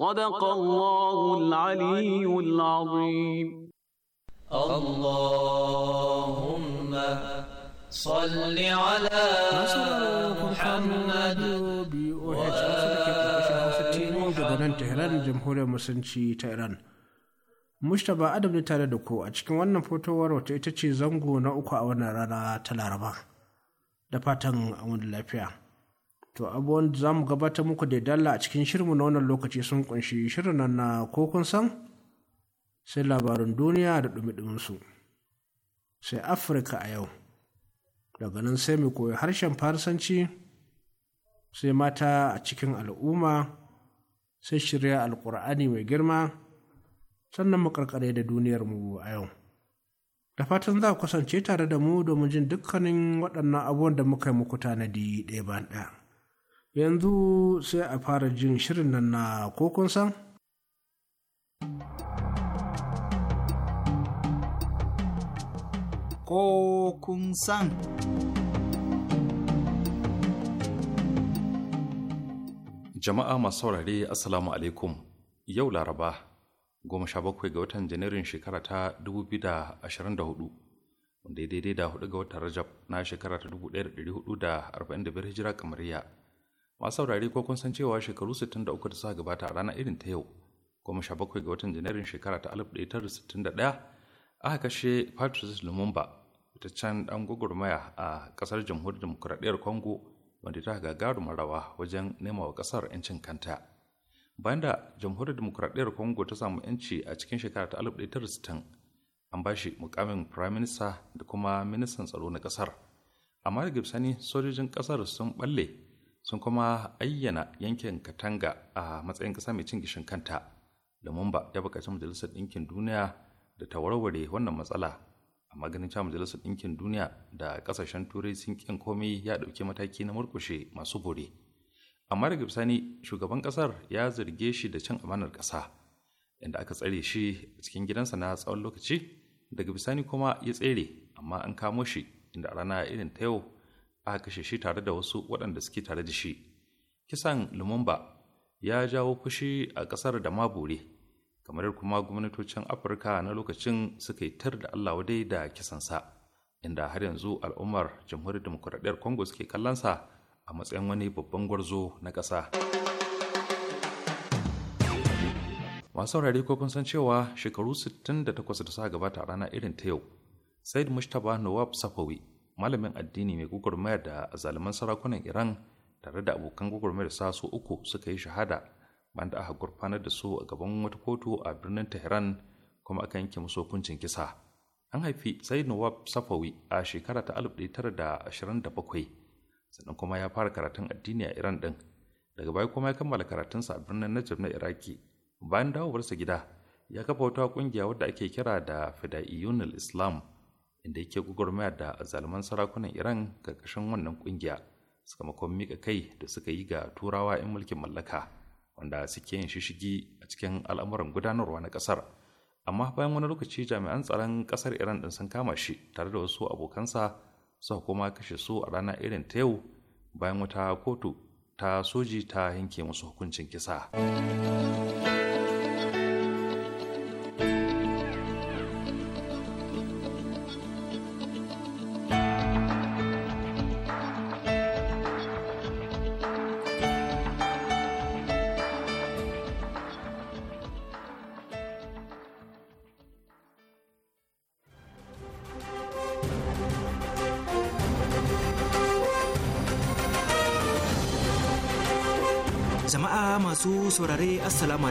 صدق الله العلي العظيم اللهم صل على محمد daga nan Tehran jamhuriyar musulunci ta Iran. Mustapha Adam ne tare da ku a cikin wannan fotowar wata ita ce zango na uku a wannan rana ta Laraba. Da fatan an lafiya. To abubuwan za mu gabatar muku da dalla a cikin shirinmu na wannan lokaci sun kunshi shirin nan na ko san sai labarin duniya da dumi sai Afirka a yau daga nan sai mu koyi harshen farsanci sai mata a cikin al'umma sai shirya alkur'ani mai girma sannan mu karkare da duniyarmu a yau. da fatan za ku kasance tare da mu domin jin dukkanin waɗannan abubuwan da muka yi muku tanadi ɗaya ba ɗaya. yanzu sai a fara jin shirin nan na kokon san kokun san jama'a masu saurare assalamu alaikum yau laraba goma sha bakwai ga watan janairun shekara ta 2024 daidai da hudu ga watan Rajab na shekara ta 1445 Hijira kamariya. masu saurare ko kun san cewa shekaru 63 da suka gabata a ranar irin ta yau goma sha bakwai ga watan janairun shekara ta 1961 aka kashe patrice lumumba can dan gwagwarmaya a kasar jamhuriyar demokuraɗiyar congo wanda ta gagaru rawa wajen nema wa kasar 'yancin kanta bayan da jamhuriyar demokuraɗiyar congo ta samu 'yanci a cikin shekara ta 1960 an ba shi mukamin prime minister da kuma ministan tsaro na kasar amma daga gibsani sojojin kasar sun balle sun kuma ayyana yankin katanga a matsayin ƙasa mai cin gishin kanta lumumba ya buƙaci majalisar ɗinkin duniya da ta warware wannan matsala amma ganin cewa majalisar ɗinkin duniya da ƙasashen turai sun ƙin komai ya ɗauki mataki na murƙushe masu bore amma daga bisani shugaban ƙasar ya zarge shi da cin amanar ƙasa inda aka tsare shi cikin gidansa na tsawon lokaci daga bisani kuma ya tsere amma an kamo shi inda rana irin ta yau a kashe shi tare da wasu waɗanda suke tare da shi kisan lumumba ya jawo fushi a ƙasar da mabure kamar kuma gwamnatocin afirka na lokacin suka yi tar da allah wadai da kisansa inda har yanzu al'ummar jamhuriyar demokuraɗiyar congo suke kallonsa a matsayin wani babban gwarzo na ƙasa masu saurare ko kun san cewa shekaru 68 da suka gabata a rana irin ta yau said mustapha nawab safawi malamin addini mai gwagwarmaya da azaliman sarakunan iran tare da abokan gugurmayar sa su uku suka yi shahada banda aka gurfanar da su a gaban wata kotu a birnin tehran kuma aka yanke musu hukuncin kisa an haifi zaid nawab safawi a shekara ta da da ashirin bakwai, sannan kuma ya fara karatun addini a iran din daga baya kuma ya kammala karatunsa a birnin najib na iraki bayan dawowarsa gida ya kafa wata kungiya wadda ake kira da fida'iyunul islam inda yake gwagwarmaya da azalman sarakunan iran ƙarƙashin wannan ƙungiya sakamakon mika kai da suka yi ga turawa 'yan mulkin mallaka wanda suke yin shishigi a cikin al'amuran gudanarwa na ƙasar amma bayan wani lokaci jami'an tsaron ƙasar iran ɗin sun kama shi tare da wasu abokansa suka kuma kashe su a rana irin ta yau bayan wata kotu ta soji ta yanke musu hukuncin kisa.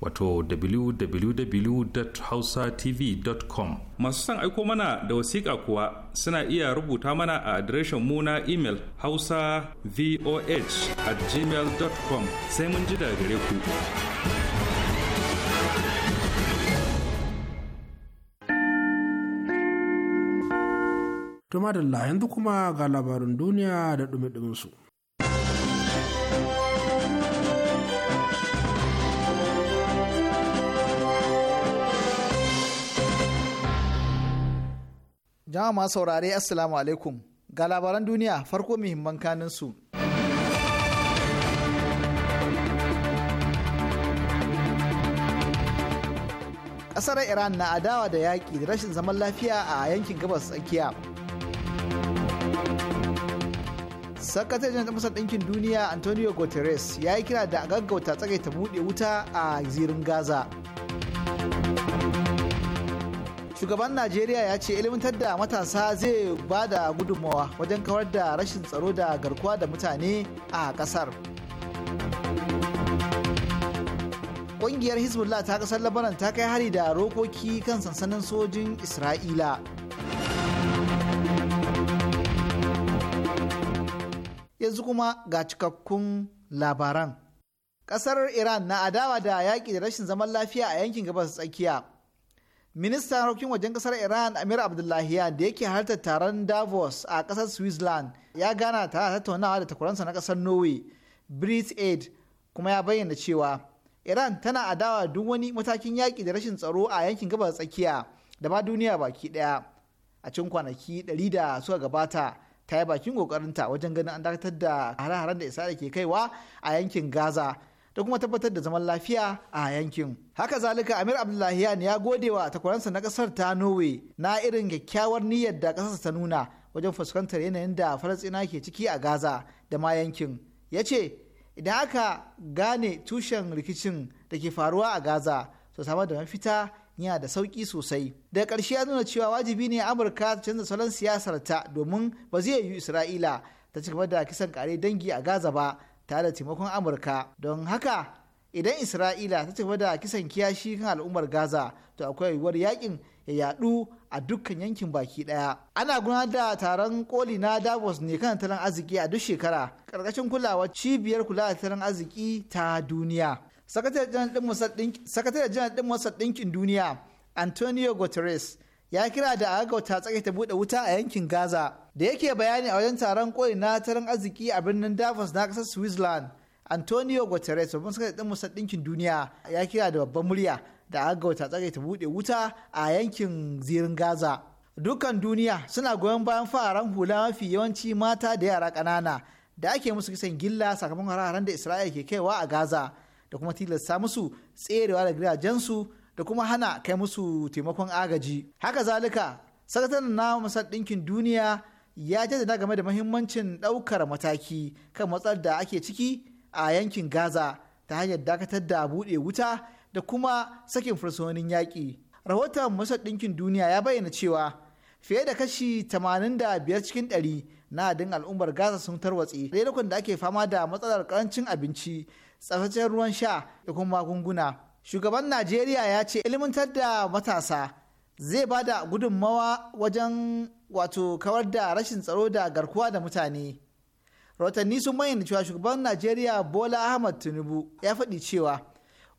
wato www.hausatv.com masu son aiko mana da wasiƙa kuwa suna iya rubuta mana a adireshin mu na imel hausa voh at gmail.com sai mun ji da gare ku Tuma da yanzu kuma ga labarin duniya da ɗumi-ɗuminsu. su. jama'a masu saurare assalamu alaikum ga labaran duniya farko muhimman kanin su kasar iran na adawa da yaƙi da rashin zaman lafiya a yankin gabas tsakiya sakataren masar ɗinkin duniya antonio guterres ya yi kira da gaggauta tsagaita buɗe wuta a zirin gaza shugaban najeriya ya ce ilimantar da matasa zai ba da gudunmawa wajen kawar da rashin tsaro da garkuwa da mutane a kasar ƙungiyar hezbollah ta kasar labaran ta kai hari da rokoki kan sansanin sojin isra'ila yanzu kuma ga cikakkun labaran ƙasar iran na adawa da yaƙi da rashin zaman lafiya a yankin gabas tsakiya ministan harkokin wajen kasar iran amir abdullahi da yake halartar taron davos a kasar switzerland ya gana tare da tattaunawa da takwaransa na kasar norway brit aid kuma ya bayyana cewa iran tana adawa duk wani matakin yaki da rashin tsaro a yankin gabas tsakiya da ba duniya baki daya a cikin kwanaki ɗari da suka gabata ta yi bakin kokarinta wajen ganin an dakatar da hare-haren da isra'ila ke kaiwa a yankin gaza da kuma tabbatar da zaman lafiya a yankin. Haka zalika Amir Abdullahiyan ya gode wa takwaransa na kasar ta Norway na irin kyakkyawar niyyar da kasarsa ta nuna wajen fuskantar yanayin da Falasɗina ke ciki a Gaza da ma yankin. Ya ce, idan aka gane tushen rikicin da ke faruwa a Gaza, to samar da mafita yana da sauki sosai. daga karshe ya nuna cewa wajibi ne Amurka ta canza salon siyasar ta domin ba zai yiwu Isra'ila ta ci gaba da kisan kare dangi a Gaza ba tare da taimakon amurka don haka idan isra'ila ta tafi da kisan kiyashi kan al'ummar gaza to akwai yiwuwar yakin ya yadu a dukkan yankin baki daya ana gudanar da taron koli na davos ne kan tattalin arziki a duk shekara karkashin kulawa cibiyar kula da tattalin arziki ta duniya sakatare janar din masar ɗinkin duniya antonio guterres ya kira da a gaggauta tsake ta bude wuta a yankin Gaza. Da yake bayani a wajen taron koyi na taron arziki a birnin Davos na kasar Switzerland, Antonio Guterres babban sakataren musa dinkin Duniya ya kira da babban murya da a gaggauta tsake ta bude wuta a yankin zirin Gaza. dukkan duniya suna goyon bayan fararen hula mafi yawanci mata da yara kanana. da ake musu kisan gilla sakamakon hararen da Isra'ila ke kaiwa a Gaza da kuma tilasta musu tserewa da gidajensu da kuma hana kai musu taimakon agaji haka zalika sakataren na masar ɗinkin duniya ya jaddada game da mahimmancin ɗaukar mataki kan matsalar da ake ciki a yankin gaza ta hanyar dakatar da buɗe wuta da kuma sakin fursunonin yaƙi rahoton masar ɗinkin duniya ya bayyana cewa fiye da kashi biyar cikin 100 na adin al'ummar gaza sun tarwatse lokacin da ake fama da matsalar karancin abinci tsaftacen ruwan sha da kuma magunguna shugaban najeriya ya ce ilmantar da matasa zai ba da gudunmawa wajen wato kawar da rashin tsaro da garkuwa da mutane rahotanni sun bayyana cewa shugaban najeriya bola ahmad tinubu ya faɗi cewa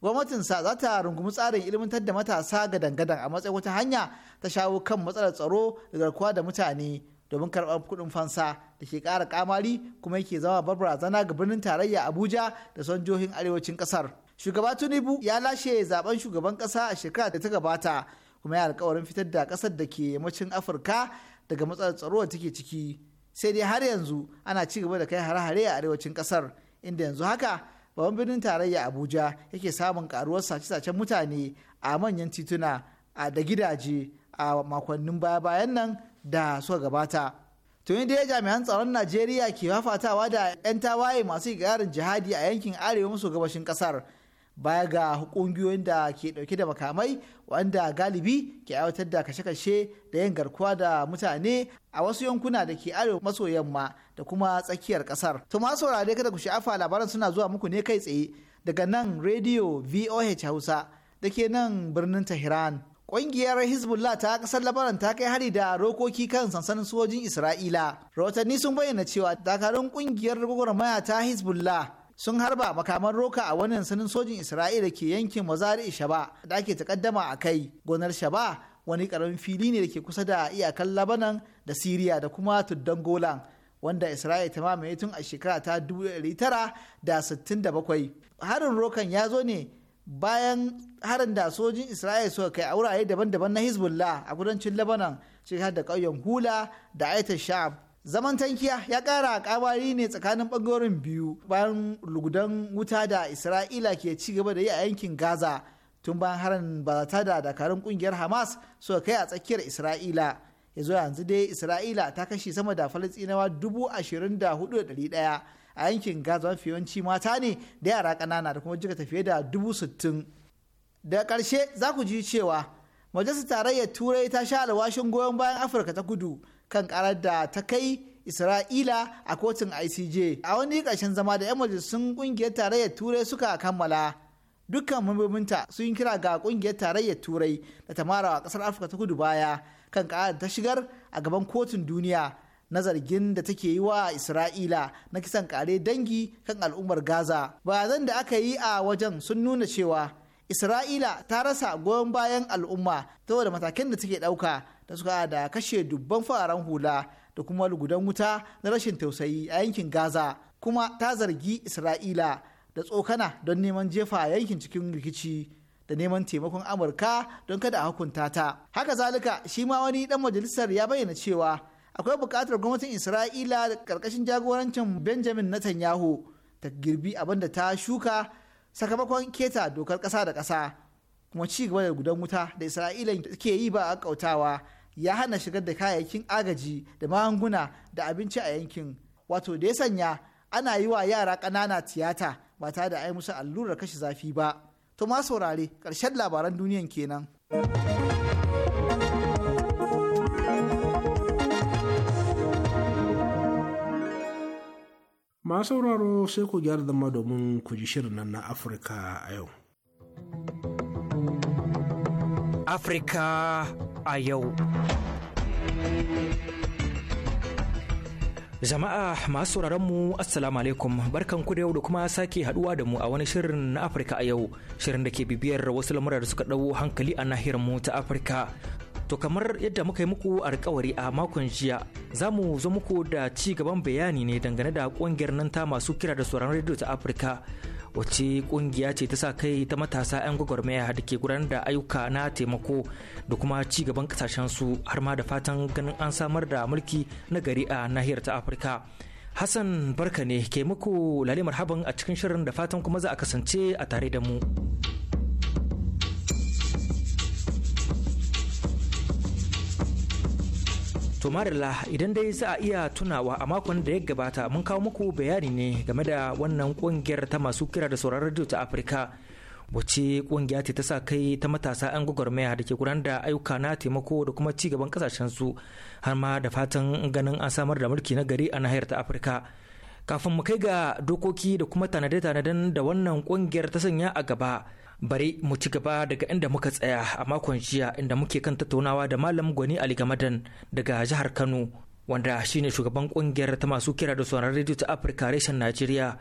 gwamnatinsa za ta rungumi tsarin ilmantar da matasa gadan-gadan a matsayin wata hanya ta shawo kan matsalar tsaro da garkuwa da mutane domin karɓar kuɗin fansa da ke ƙara kamari kuma yake zama zana ga birnin tarayya abuja da son arewacin ƙasar shugaba tinubu ya lashe zaben shugaban kasa a shekara da ta gabata kuma ya alkawarin fitar da kasar da ke yammacin afirka daga matsalar tsaro da take ciki sai dai har yanzu ana ci gaba da kai hare-hare a arewacin kasar inda yanzu haka babban birnin tarayya abuja yake samun karuwar sace-sacen mutane a manyan tituna a da gidaje a makonnin baya-bayan nan da suka gabata tuni da jami'an tsaron najeriya ke fafatawa da 'yan tawaye masu garin jihadi a yankin arewa maso gabashin kasar baya ga kungiyoyin da ke dauke da makamai wanda galibi ke aiwatar da kashe-kashe da yin garkuwa da mutane a wasu yankuna da ke arewa maso yamma da kuma tsakiyar kasar. To masu saurare kada ku sha'afa labaran suna zuwa muku ne kai tsaye daga nan rediyo VOH Hausa da ke nan birnin Tehran. Ƙungiyar Hezbollah ta kasar Labaran ta kai hari da rokoki kan sansanin sojojin Isra'ila. Rahotanni sun bayyana cewa dakarun ƙungiyar gwagwarmaya ta Hezbollah sun harba makaman roka a wannan sanin sojin isra'ila ke yankin mazari shaba da ake takaddama a kai gonar shaba wani karamin fili ne da ke kusa da iyakan labanan da siriya da kuma tuddan golan wanda isra'ila ta mamaye tun a shekara ta 1967 harin rokan ya zo ne bayan harin da sojin isra'ila suka kai a wurare daban-daban na hezbollah a kudancin labanan shekara da ƙauyen hula da aitar sha'ab zaman tankiya ya kara kabari ne tsakanin bangarorin biyu bayan lugudan wuta da isra'ila ke ci gaba da yi a yankin gaza tun bayan harin bazata da dakarun kungiyar hamas suka kai a tsakiyar isra'ila ya zo yanzu dai isra'ila ta kashe sama da falastinawa dubu ashirin da hudu da dari daya a yankin gaza mafi yawanci mata ne da yara kanana da kuma jika tafiye da dubu sittin da karshe za ku ji cewa majalisar tarayyar turai ta sha alwashin goyon bayan afirka ta kudu kan karar da ta kai isra'ila a kotun icj a wani ƙarshen zama da 'yan majalisun ƙungiyar tarayyar turai suka kammala dukkan mambobinta sun kira ga ƙungiyar tarayyar turai da ta mara ƙasar afirka ta kudu baya kan ƙarar ta shigar a gaban kotun duniya na zargin da take yi wa isra'ila na kisan kare dangi kan al'ummar gaza bayanan da aka yi a wajen sun nuna cewa isra'ila ta rasa goyon bayan al'umma saboda matakan da take ɗauka da suka da kashe dubban fararen hula da kuma lugudan wuta na rashin tausayi a yankin gaza kuma ta zargi isra'ila da tsokana don neman jefa a yankin cikin rikici da neman taimakon amurka don kada a hukunta ta haka zalika shi ma wani dan majalisar ya bayyana cewa akwai bukatar gwamnatin isra'ila da ƙarƙashin jagorancin benjamin netanyahu ta girbi abin da ta shuka sakamakon keta dokar ƙasa da ƙasa kuma ci gaba da gudan wuta da isra'ila ke yi ba a kautawa ya hana shigar da kayayyakin agaji da magunguna da abinci a yankin wato da ya sanya ana yi wa yara ƙanana tiyata ba tare da ai musu allurar kashe zafi ba to ma saurare ƙarshen labaran duniyan kenan. Ma sauraro sai ku gyara zama domin ku ji shirin nan na Afirka a yau. Afirka a yau. Jama'a masu mu Assalamu alaikum barkan ku da yau da kuma sake haduwa da mu a wani shirin na Afirka a yau shirin da ke bibiyar wasu lamura da suka dawo hankali a nahiyar mu ta Afirka. To kamar yadda muka yi muku alkawari a makon jiya za mu zo muku da ci gaban bayani ne dangane da kungiyar nan ta masu kira da sauran rediyo ta Afirka wacce kungiya ce ta sa kai ta matasa 'yan gwagwarmaya da ke gudanar da ayyuka na taimako da kuma ci gaban kasashen su har ma da fatan ganin an samar da mulki na gari a nahiyar ta afirka hassan barka ne ke muku lalimar haban a cikin shirin da fatan kuma za a kasance a tare da mu. To marilla idan dai za a iya tunawa a makon da ya gabata mun kawo muku bayani ne game da wannan kungiyar ta masu kira da sauraron radio ta Afirka wacce kungiya ce ta sa kai ta matasa 'yan gwagwarmaya da ke gudanar da ayyuka na taimako da kuma ci gaban kasashen su har ma da fatan ganin an samar da mulki na gari a nahiyar ta Afirka. Kafin mu kai ga dokoki da kuma tanade-tanaden da wannan kungiyar ta sanya a gaba bari mu ci gaba daga inda muka tsaya a makon jiya inda muke kan tattaunawa da malam gwani ali gamadan daga jihar kano wanda shine shugaban kungiyar ta masu kira da sauran rediyo ta afirka reshen najeriya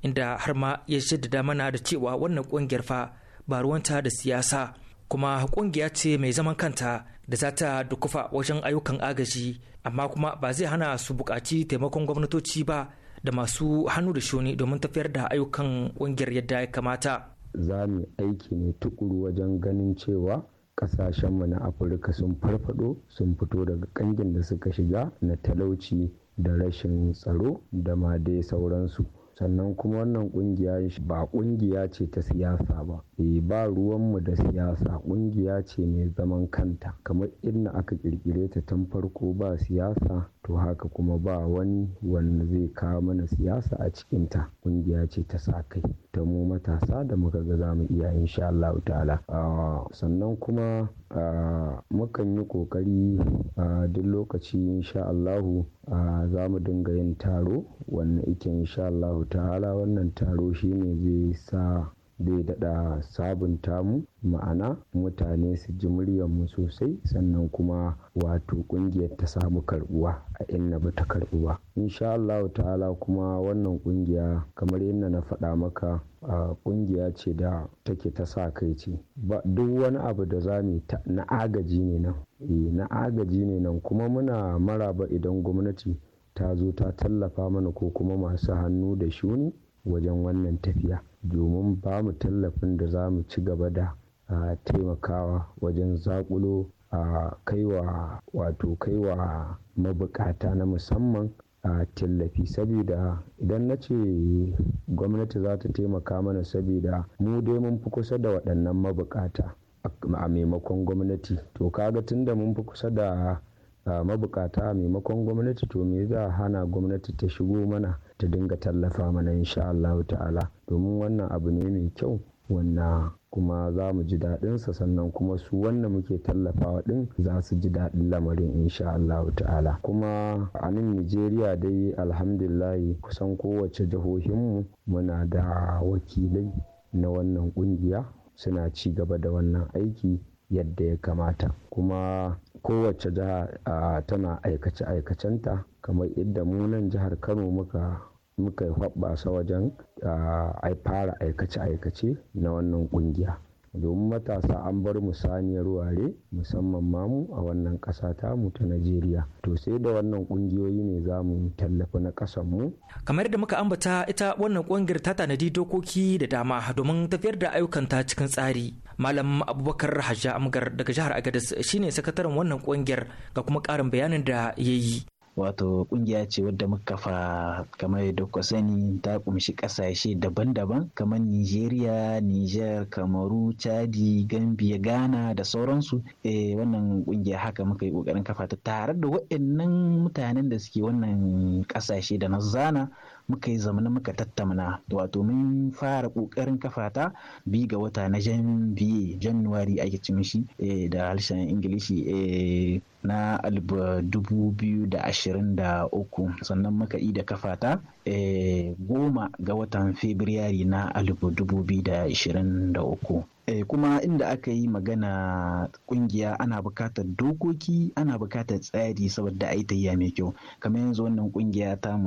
inda har ma ya jaddada mana da cewa wannan kungiyar fa ba ruwanta da siyasa kuma kungiya ce mai zaman kanta da za ta dukufa wajen ayyukan agaji amma kuma ba zai hana su bukaci taimakon gwamnatoci ba da masu hannu da shuni domin tafiyar da ayyukan kungiyar yadda ya kamata za mu aiki ne tukuru wajen ganin cewa kasashenmu na afirka sun farfado sun fito daga kangin da suka shiga na talauci da rashin tsaro da ma dai sauransu sannan kuma wannan kungiya ba kungiya ce ta siyasa ba e ba ruwanmu da siyasa kungiya ce mai zaman kanta kamar inda aka kirkire ta tun farko ba siyasa to haka kuma ba wani wanda zai kawo mana siyasa a cikinta kungiya ce ta sa kai ta mu matasa da muka ga za mu iya insha Allah ta'ala ah, sannan kuma ah, mukan yi kokari a ah, duk lokaci insha Allahu za mu dinga yin taro wannan ike insha Allah ta'ala wannan taro shine zai sa zai daɗa sabunta mu ma'ana mutane su ji mu sosai sannan kuma wato ƙungiyar ta samu karɓuwa a inna ba ta karɓuwa insha Allah ta'ala kuma wannan ƙungiya kamar yadda na faɗa maka ƙungiya ce da take ta sa kai ce ba duk wani abu da za mu na agaji ne nan eh, na agaji ne nan kuma muna maraba idan gwamnati ta zo ta tallafa mana ko kuma masu hannu da shuni wajen wannan tafiya domin ba mu tallafin da za mu ci gaba da taimakawa wajen zakulo a kaiwa wato kaiwa mabukata na musamman a tallafi saboda idan na ce gwamnati za ta taimaka mana saboda mu dai mun fi kusa da waɗannan mabukata a maimakon gwamnati to kaga tunda mun fi kusa da mabukata a maimakon gwamnati to me za a hana gwamnati ta shigo mana ta dinga tallafa mana insha Allah ta'ala domin wannan abu ne mai kyau wannan kuma za mu ji daɗinsa sannan kuma su wannan muke tallafawa ɗin za su ji daɗin lamarin insha Allah ta'ala kuma a nan Nijeriya dai alhamdulillahi kusan kowace jihohinmu muna da wakilai na wannan ƙungiya suna ci gaba da wannan aiki yadda ya kamata kuma kowace jiha tana aikace-aikacenta kamar idda mu nan jihar Kano muka muka hoɓɓasa wajen a ah, fara aikace-aikace na wannan ƙungiya domin matasa an bar mu saniyar ware musamman mamu a wannan ƙasa mu ta Najeriya. To sai da wannan ƙungiyoyi ne za mu tallafa na mu. Kamar da muka ambata ita wannan ƙungiyar ta tanadi dokoki da dama domin tafiyar da ayyukanta cikin tsari. Malam Abubakar Hajja Amgar daga jihar agadas shine sakataren wannan ƙungiyar ga kuma ƙarin bayanin da ya yi. wato kungiya ce wadda muka kafa kamar yadda ku sani ta kumshi kasashe daban-daban kamar nigeria niger kamaru chadi gambia ghana da sauransu eh wannan kungiya haka muka yi kokarin kafa ta tare da waɗannan mutanen da suke wannan kasashe da na zana muka yi zamana muka tattamna wato mun fara ƙoƙarin kafata bi ga wata na janvier january ake mishi eh, da harshen ingilishi eh, na dubu biyu da da ashirin uku sannan muka yi da kafata eh, goma ga watan fabrairu na dubu biyu da da ashirin uku Eh, kuma inda aka yi magana kungiya ana bukatar dokoki ana bukatar tsari saboda a yi tayya mai kyau kamar yanzu wannan kungiya ta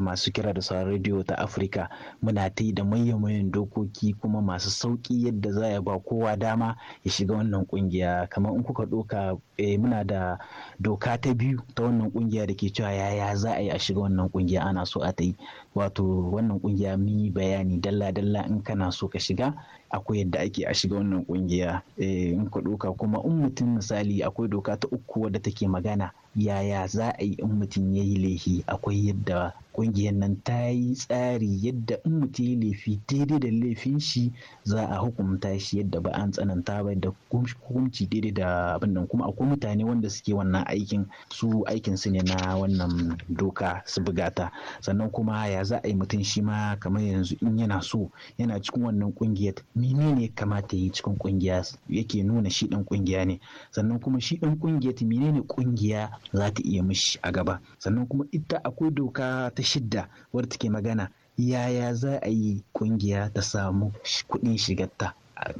masu kira da sauran radiyo ta afirka muna ta yi da mayan dokoki kuma masu sauki yadda za ya ba kowa dama ya shiga wannan kungiya kamar in kuka doka e, eh, muna da doka ta biyu ta wannan kungiya da ke cewa yaya za a yi a shiga wannan kungiya ana so a ta yi wato wannan kungiya mun yi bayani dalla-dalla in kana so ka shiga akwai yadda ake a shiga wannan kungiya eh, in ka doka kuma in mutum misali akwai doka ta uku wadda take magana yaya za a yi in mutum ya yi lehi, akwai yadda ƙungiyar nan ta yi tsari yadda in mutum ya laifi daidai da laifin shi za a hukunta shi yadda ba an tsananta ba da hukunci daidai da abin nan kuma akwai mutane wanda suke wannan aikin su aikin su ne na wannan doka su bugata sannan kuma ya za a yi mutum shi ma kamar yanzu in yana so yana cikin wannan ƙungiyar menene kamata yi cikin ƙungiya yake nuna shi ɗan ƙungiya ne sannan kuma shi ɗan ƙungiyar menene ƙungiya za ta iya mishi a gaba sannan kuma ita akwai doka ta shidda wadda take magana yaya za a yi kungiya ta samu kuɗin shigarta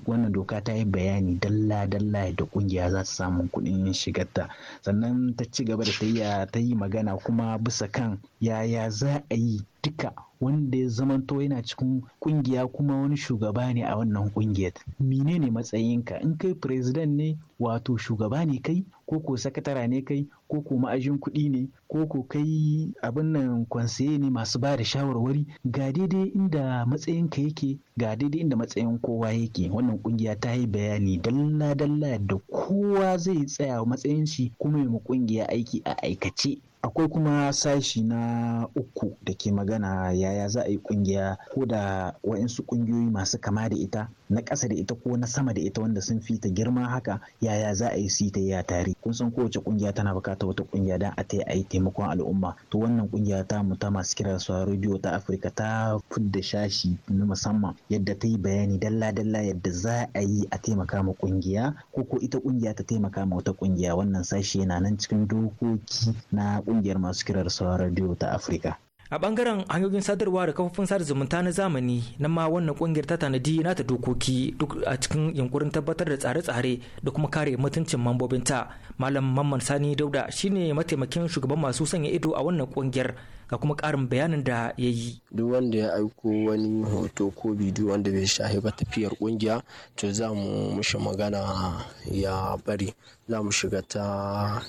wannan doka ta yi bayani dalla-dalla da kungiya za ta samu kuɗin shigarta sannan ta ci gaba da ta yi magana kuma bisa kan yaya za a yi duka wanda ya zamanto yana cikin kungiya kuma wani shugaba ne a wannan kungiyar menene matsayinka in kai president ne wato shugaba ne kai ko ko sakatara ne kai ko ko ma'ajin kuɗi ne ko ko kai abin nan kwansaye ne masu ba da shawarwari ga daidai inda matsayin ka yake ga daidai inda matsayin kowa yake wannan kungiya ta yi bayani dalla dalla da kowa zai tsaya matsayin shi kuma ya kungiya aiki a aikace akwai kuma sashi na uku da ke magana yaya za a yi kungiya ko da waɗansu kungiyoyi masu kama da ita na ƙasa da ita ko na sama da ita wanda sun fi ta girma haka yaya za a yi su ta ya tare kun san kowace ƙungiya tana bukata wata ƙungiya, dan a ta a yi taimakon al'umma to wannan kungiya ta mu ta masu kira su radio ta afirka ta fudda shashi na musamman yadda ta yi bayani dalla dalla yadda za a yi a taimaka ma kungiya ko ko ita kungiya ta taimaka ma wata kungiya wannan sashi yana nan cikin dokoki na ƙungiyar masu kirar su radio ta afirka a bangaren hanyoyin sadarwa da kafofin sada zumunta na zamani na ma wannan kungiyar ta tanadi na ta dokoki duk a cikin yunkurin tabbatar da tsare-tsare da kuma kare mutuncin mambobinta malam mamman sani dauda shine mataimakin shugaban masu sanya ido a wannan kungiyar ga kuma karin bayanin da ya yi duk wanda ya aiko wani hoto ko bidiyo wanda bai shahi ba tafiyar kungiya to za mu magana ya bari za mu shiga ta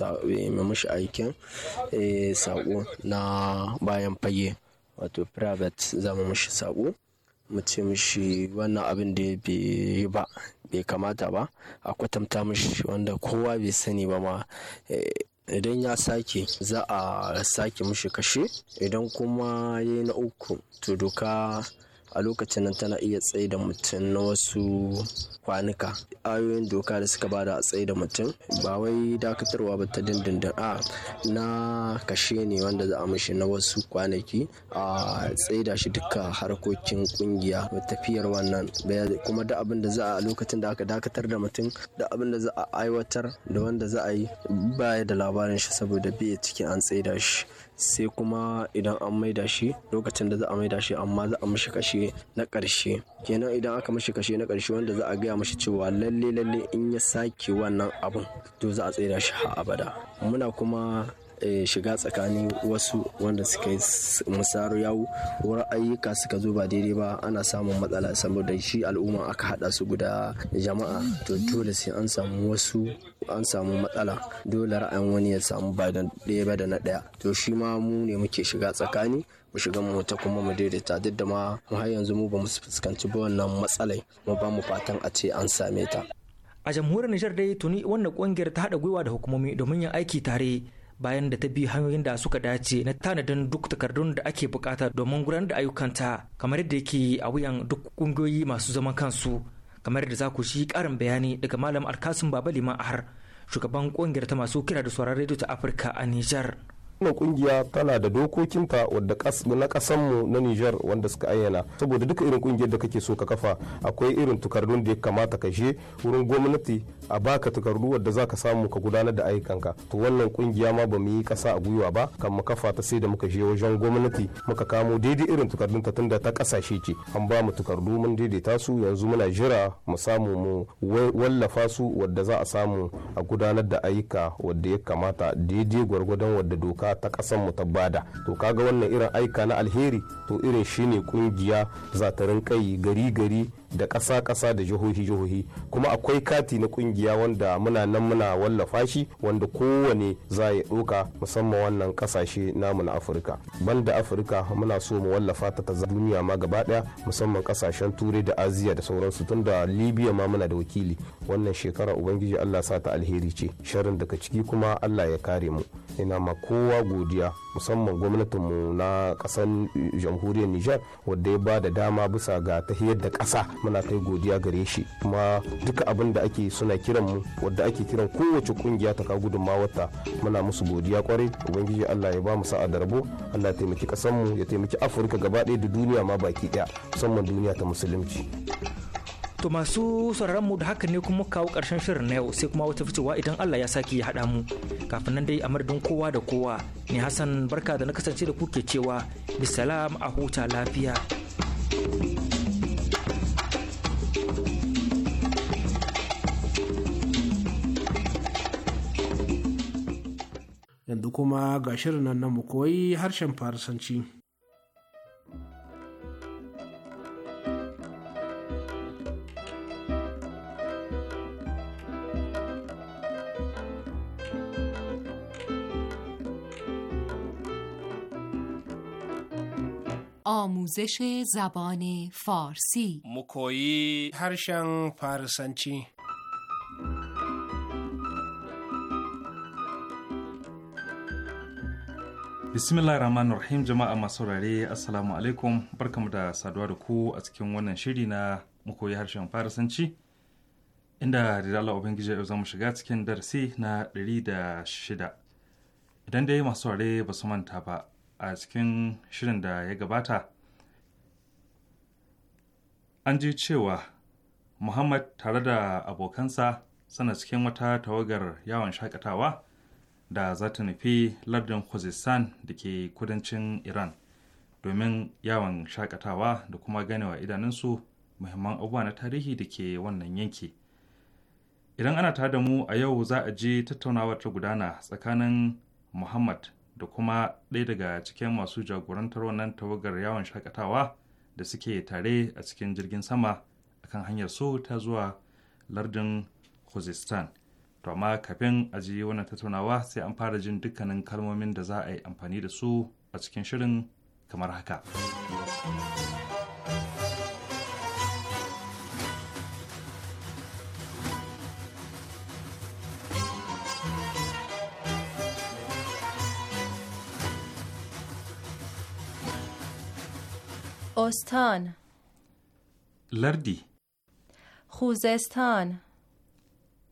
Eh, mishi aikin eh, sako na bayan fage wato private za mu mishi sako mu ce mishi wannan abin da ya yi ba bai kamata ba a kwatanta mishi wanda kowa bai sani ba ma eh, idan ya sake za a sake mishi kashe idan kuma ya yi na uku to doka a lokacin nan tana iya tsaye da mutum na wasu kwanuka ayoyin doka da suka bada a tsaye da mutum ba wai dakatarwa ba ta dindindin a na kashe ne wanda za a mashi na wasu kwanaki a tsaye da shi duka harkokin kungiya tafiyar wannan kuma da abin da za a lokacin da aka dakatar da mutum da abin da za a aiwatar da wanda za a yi baya da labarin shi saboda bai cikin an tsaye da shi sai kuma idan an maida shi lokacin da za a maida shi amma za a mishi kashe na ƙarshe kenan idan aka mishi kashe na ƙarshe wanda za a gaya mishi cewa lalle lalle in ya sake wannan abun to za a tsira shi har abada muna kuma Eh, shiga tsakanin wasu wanda suka yi musaro yawo wurin ayyuka suka zo ba daidai ba ana samun matsala saboda shi al'umma aka hada su guda jama'a to dole sai an samu wasu an samu matsala dole ra'ayin wani ya samu ba da ɗaya ba da na ɗaya to shi ma mu ne muke shiga tsakani mu shiga mu ta kuma mu daidaita duk da ma mu har yanzu mu ba mu fuskanci ba wannan matsalai mu ba mu fatan a ce an same ta a jamhuriyar Nijar dai tuni wannan kungiyar ta haɗa gwiwa da hukumomi domin yin aiki tare bayan da ta bi hanyoyin da suka dace na tanadin duk takardun da ake bukata domin gudanar da ayyukanta kamar yadda yake a wuyan duk kungiyoyi masu zaman kansu kamar yadda za ku shi karin bayani daga malam alkasun baba liman ahar shugaban kungiyar ta masu kira da sauran rediyo ta afirka a nijar. wannan kungiya tana da dokokinta wadda na kasanmu na Nijar wanda suka ayyana saboda duka irin kungiyar da kake so ka kafa akwai irin tukardun da ya kamata ka je wurin gwamnati a baka tukardu wadda za ka samu ka gudanar da ayyukanka to wannan kungiya ma ba mu yi kasa a gwiwa ba kan mu kafa ta sai da muka je wajen gwamnati muka kamo daidai irin tukardun ta tunda ta kasashe ce an ba mu tukardu mun daidaita su yanzu muna jira mu samu mu wallafa su wadda za a samu a gudanar da ayyuka wadda ya kamata daidai gwargwadon wadda doka doka ta ƙasar mu ta bada to kaga wannan irin aika na alheri to irin shine kungiya za kai gari gari da ƙasa-ƙasa da jihohi-jihohi kuma akwai kati na kungiya wanda muna nan muna wallafa shi wanda kowane za ya ɗoka musamman wannan ƙasashe namu na afirka banda afirka muna so mu wallafa ta ta duniya ma gaba ɗaya musamman ƙasashen turai da aziya da sauransu tun da libya ma muna da wakili wannan shekara ubangiji allah sa ta alheri ce sharrin daga ciki kuma allah ya kare mu ina ma kowa godiya musamman mu na kasar jamhuriyar nijar wadda ya ba da dama bisa ga tahiyar da kasa muna kai godiya gare shi kuma duka abin da ake suna kiran mu wadda ake kiran kowace kungiya ta ka wata muna musu godiya kwarai ubangiji allah ya ba mu sa'a da rabo allah ya taimaki kasar mu ya taimaki afirka gaba ɗaya da duniya ma baki ɗaya musamman duniya ta musulunci To masu sauraron mu da haka ne kuma kawo ƙarshen shirin na yau sai kuma wata fitowa idan Allah ya saki ya haɗa mu. Kafin nan dai a madadin kowa da kowa ne Hassan barka da na kasance da kuke cewa bisalam a huta lafiya. Yanzu kuma ga shirin nan na mu koyi harshen Farsanci. آموزش زبان فارسی مکویی هرشن فارسنچی bismillah rahman rahim jama'a masu saurare assalamu alaikum barkamu da saduwa da ku a cikin wannan shiri na mukoyi harshen farisanci inda da ubangiji yau za shiga cikin darasi na 106 idan dai masu saurare ba su manta ba a cikin shirin da ya gabata an ji cewa muhammad tare da abokansa sana cikin wata tawagar yawon shakatawa da za ta nufi lardin khuzistan da ke kudancin iran domin yawon shakatawa da kuma ganewa idanunsu muhimman abubuwa na tarihi da ke wannan yanki idan ana tare da mu a yau za a ji tattaunawar ta gudana tsakanin muhammad da kuma ɗaya daga cikin masu jagorantar wannan tawagar yawon shakatawa da suke tare a cikin jirgin sama akan hanyar su ta zuwa lardin khuzestan to amma kafin a ji wannan tattaunawa sai an fara jin dukkanin kalmomin da za a yi amfani da su a cikin shirin kamar haka. استان لردی خوزستان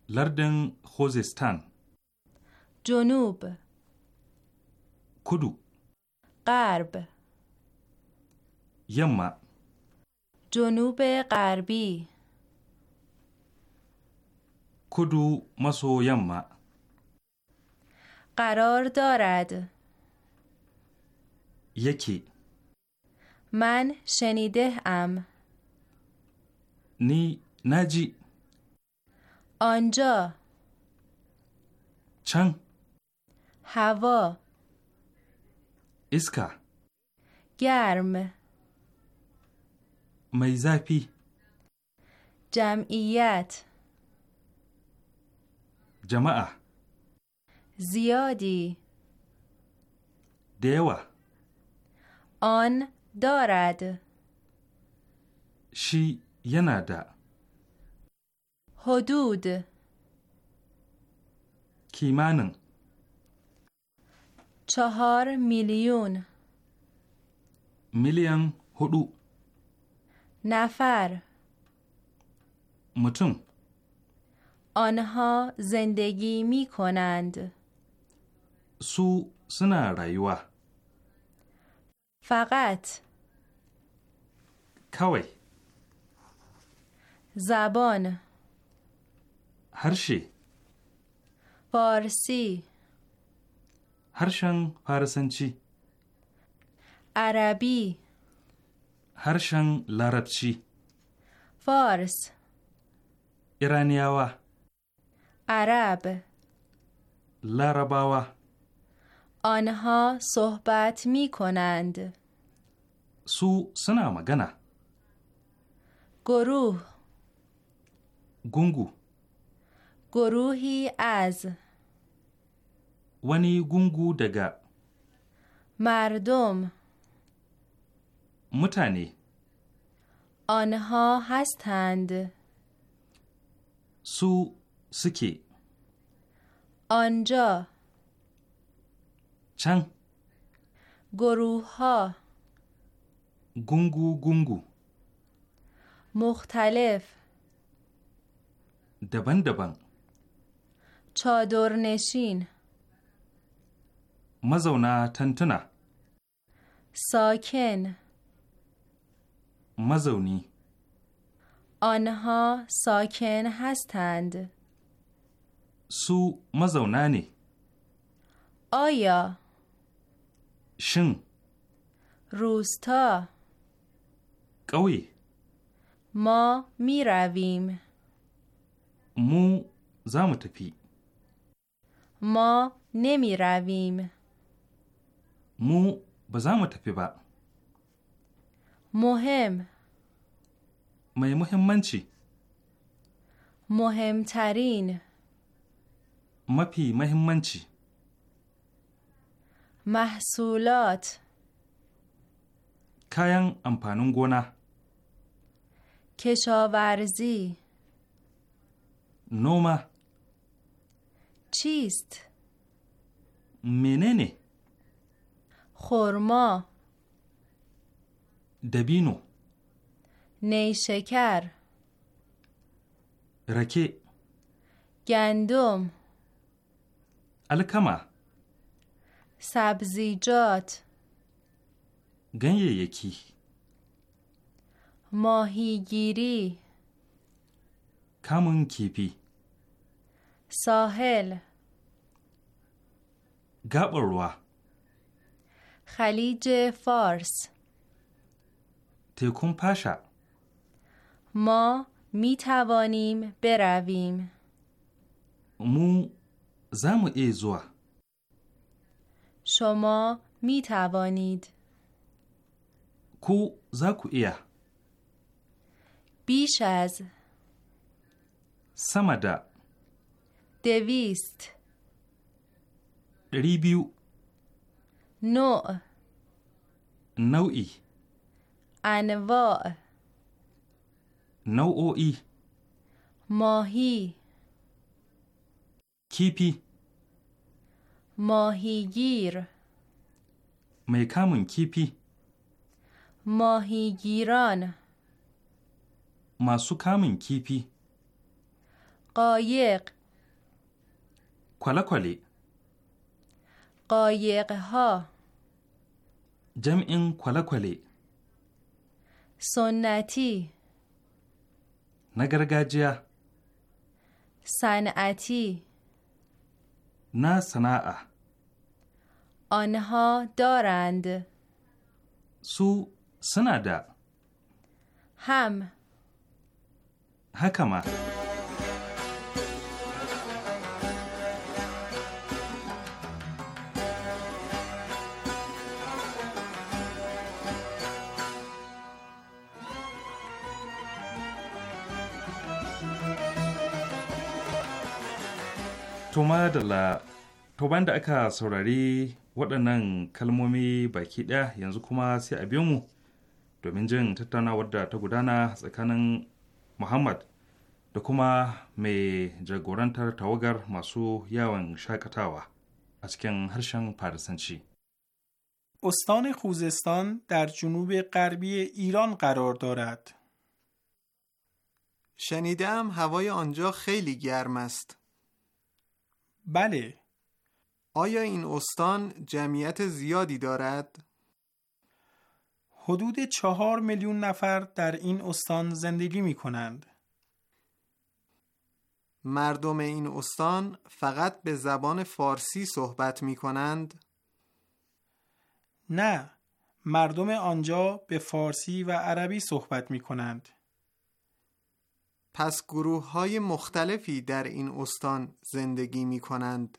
لردن خوزستان جنوب کدو غرب یما جنوب غربی کدو مسو یما قرار دارد یکی من شنیده ام نی نجی آنجا چنگ هوا اسکا گرم میزپی جمعیت جماعه زیادی دیوه آن دارد شی یندا حدود کیمن چهار میلیون میلیون هدو نفر متون آنها زندگی می کنند سو سنا رایوه فقط کاوی زبان هرشی فارسی هرشن فارسنچی عربی هرشن لاربچی فارس ایرانیاوا عرب لارباوا آنها صحبت می کنند سو سنا مگنا گروه گونگو گروهی از ونی گونگو دگا مردم متنی آنها هستند سو سکی آنجا چنگ گروه ها گونگو گونگو مختلف دبن دبن نشین مزونا تنتنا ساکن مزونی آنها ساکن هستند سو مزونانی آیا شن روستا قوی ما می رویم مو زم تپی ما نمی رویم مو بزم تپی با مهم mai muhimmanci muhimtarin mafi muhimmanci محصولات کایان امپانون گونا کشاورزی نوما چیست مننه خورما دبینو نیشکر رکی گندم الکما سبزیجات یکی ماهیگیری کامون کیپی ساحل گابروا خلیج فارس تکون پاشا ما می توانیم برویم مو زمو ایزوه شما می توانید کو زاکو ایا بیش از سمدا دویست ریبیو نو نوعی انواع نوعی ماهی کیپی ماهیگیر میکامون کیپی ماهیگیران ماسو کامون کیپی قایق کلا کلی قایق ها جمع این کلا کلی سنتی نگرگاجیا صنعتی نه صناعه آنها دارند سو سنادا هم هکما Tuma da la, to da aka saurari waɗannan kalmomi baki ɗaya yanzu kuma sai a biyo mu domin jin tattaunawar da ta gudana tsakanin muhammad da kuma mai jagorantar tawagar masu yawon shakatawa a cikin harshen farisanci. استان خوزستان در جنوب غربی ایران قرار دارد. شنیدم هوای آنجا خیلی گرم است. بله، آیا این استان جمعیت زیادی دارد؟ حدود چهار میلیون نفر در این استان زندگی می کنند. مردم این استان فقط به زبان فارسی صحبت می کنند؟ نه، مردم آنجا به فارسی و عربی صحبت می کنند. پس گروه های مختلفی در این استان زندگی می کنند.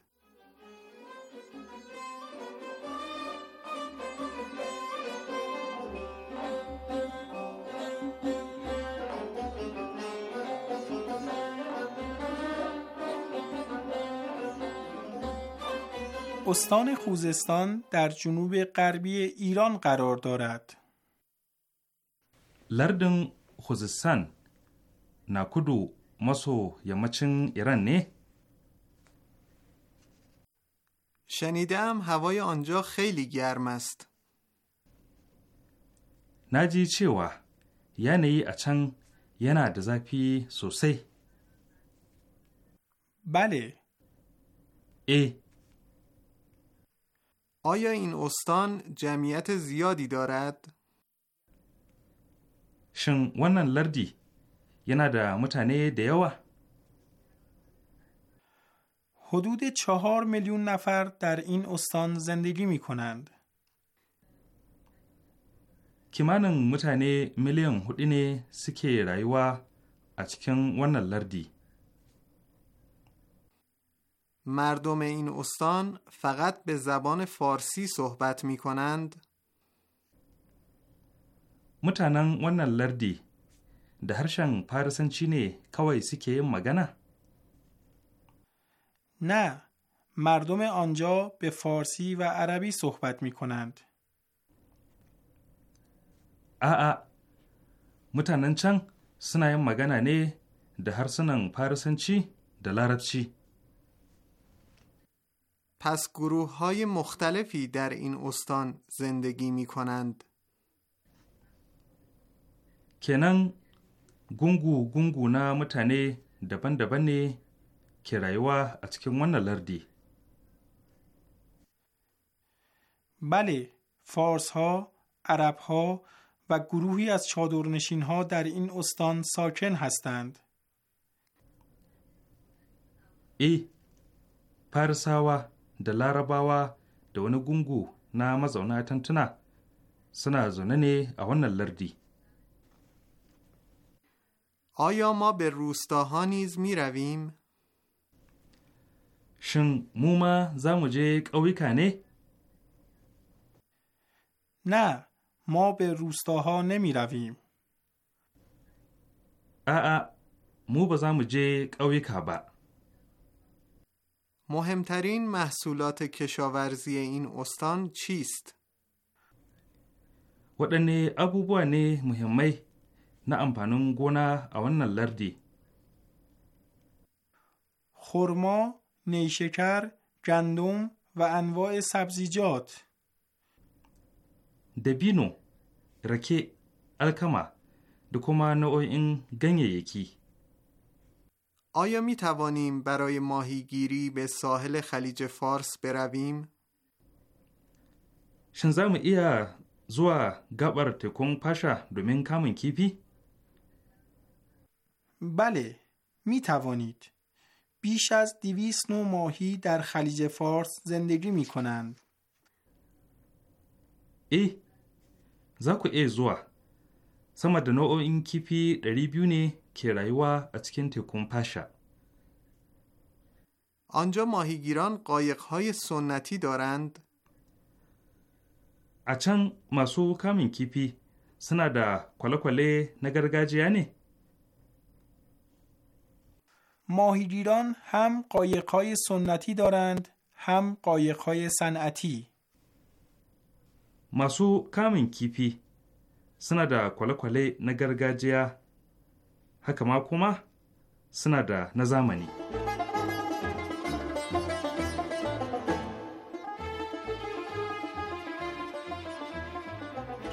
استان خوزستان در جنوب غربی ایران قرار دارد. لردن خوزستان ناکودو مسو یمچن ایران نه؟ شنیدم هوای آنجا خیلی گرم است. نجی چیوا یعنی اچن یعنی دزاپی سوسی بله ای آیا این استان جمعیت زیادی دارد؟ شن ونن لردی ینا دا متانه دیوه حدود چهار میلیون نفر در این استان زندگی می کنند. که من میلیون hudu سکه suke رایوا ونن لردی. لردی مردم این استان فقط به زبان فارسی صحبت می کنند؟ wannan lardi da harshen farisanci ne kawai suke yin magana? نه مردم آنجا به فارسی و عربی صحبت می کنند. آآ متانن چن suna yin magana ne da harsunan farisanci da larabci. پس گروه های مختلفی در این استان زندگی می کنند. کنن گونگو گونگو نا متانه دبن دبن نه که رایوا لردی. بله، فارس ها، عرب ها و گروهی از چادرنشین ها در این استان ساکن هستند. ای، پرساوا da larabawa da wani gungu na mazauna tantuna suna zaune ne a wannan lardi Aya ma به روستاها نیز می رویم؟ shin mu ma za mu je ƙauyuka ne? Na, ma be rustaha nemi ravim. A'a, mu ba za mu je ƙauyuka ba. مهمترین محصولات کشاورزی این استان چیست؟ waɗanne abubuwa ne muhimmai na amfanin gona a wannan lardi? خرما، نیشکر، گندم و انواع سبزیجات دبینو، رکه، الکما نوعی این گنگه یکی آیا می توانیم برای ماهیگیری به ساحل خلیج فارس برویم؟ شنزم ایا زوا گبر تکون پاشا دومین کامن کیپی؟ بله می توانید بیش از دیویس نو ماهی در خلیج فارس زندگی می کنند ای زکو ای زوا سمد نو این کیپی ری بیونه که رایوا کن تکون آنجا ماهیگیران قایقهای سنتی دارند؟ اچن مسو کامین کیپی سنا دا کله کله ماهیگیران هم قایقهای سنتی دارند هم قایقهای صنعتی. مسو کامین کیپی سنا دا کوله haka ma kuma suna da na zamani.